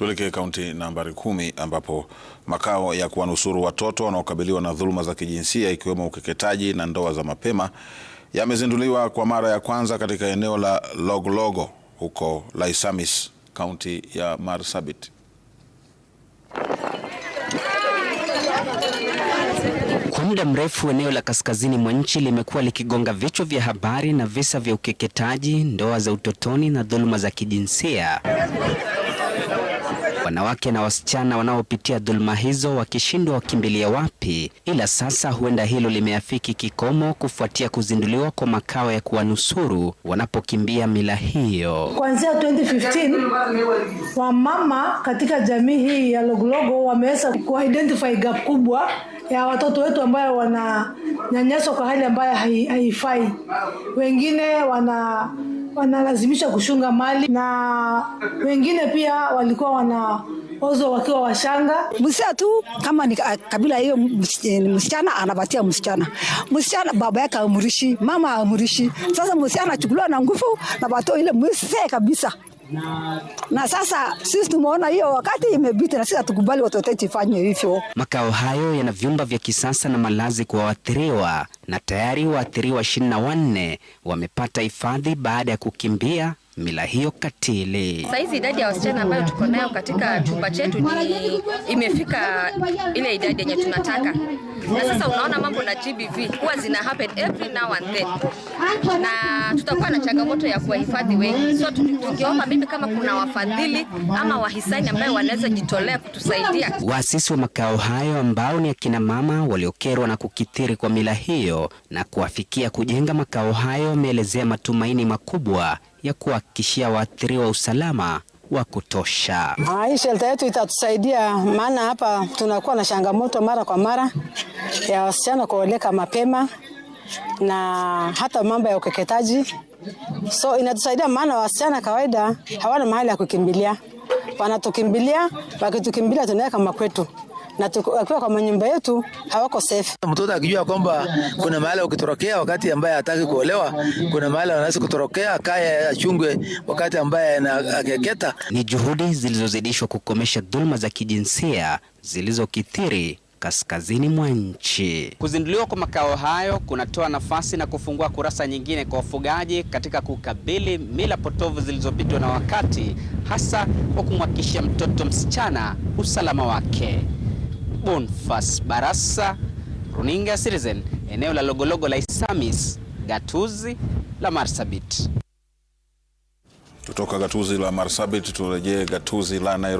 Tuelekee kaunti nambari kumi ambapo makao ya kuwanusuru watoto wanaokabiliwa na dhuluma za kijinsia ikiwemo ukeketaji na ndoa za mapema yamezinduliwa kwa mara ya kwanza katika eneo la Loglogo huko Laisamis, kaunti ya Marsabit. Kwa muda mrefu eneo la kaskazini mwa nchi limekuwa likigonga vichwa vya habari na visa vya ukeketaji, ndoa za utotoni na dhuluma za kijinsia wanawake na wasichana wanaopitia dhuluma hizo wakishindwa wakimbilia wapi, ila sasa huenda hilo limeafiki kikomo kufuatia kuzinduliwa kwa makao ya kuwanusuru wanapokimbia mila hiyo. Kuanzia 2015 wamama katika jamii hii ya Logologo wameweza kuidentify gap kubwa ya watoto wetu ambayo wananyanyaswa kwa hali ambayo haifai, wengine wana wanalazimisha kushunga mali na wengine pia walikuwa ozo wakiwa washanga. Msia tu kama ni kabila hiyo, msichana anapatia msichana, msichana baba yake amrishi, mama amrishi. Sasa msichana achukuliwa na nguvu na bato ile msee kabisa na, sasa sisi tumeona hiyo wakati imebita, na sisi hatukubali watoto wetu ifanye hivyo. Makao hayo yana vyumba vya kisasa na malazi kwa waathiriwa, na tayari waathiriwa ishirini na wanne wamepata hifadhi baada ya kukimbia mila hiyo katili. Saizi idadi ya wasichana ambayo tuko nayo katika chumba chetu ni imefika ile idadi yenye tunataka, na sasa unaona mambo na GBV huwa zina happen every now and then, na tutakuwa na changamoto ya kuwahifadhi wengi, so tungeomba mimi kama kuna wafadhili ama wahisani ambayo wanaweza jitolea kutusaidia. Waasisi wa makao hayo ambao ni akina mama waliokerwa na kukithiri kwa mila hiyo na kuafikia kujenga makao hayo wameelezea matumaini makubwa ya kuhakikishia waathiriwa usalama wa kutosha. Ah, hii shelta yetu itatusaidia, maana hapa tunakuwa na changamoto mara kwa mara ya wasichana kuoleka mapema na hata mambo ya ukeketaji, so inatusaidia, maana wasichana kawaida hawana mahali ya kukimbilia, wanatukimbilia, wakitukimbilia tunaweka makwetu na wakiwa kwa manyumba yetu hawako safe. Mtoto akijua kwamba kuna mahali ukitorokea wakati ambaye hataki kuolewa, kuna mahali anaweza kutorokea kaya achungwe wakati ambaye anakeketa. Ni juhudi zilizozidishwa kukomesha dhuluma za kijinsia zilizokithiri kaskazini mwa nchi. Kuzinduliwa kwa makao hayo kunatoa nafasi na kufungua kurasa nyingine kwa wafugaji katika kukabili mila potovu zilizopitwa na wakati, hasa kwa kumhakikishia mtoto msichana usalama wake. Bonfas Barasa, runinga Citizen, eneo la Logologo la Isamis, gatuzi la Marsabit. Tutoka gatuzi la Marsabit turejee gatuzi la Nairobi.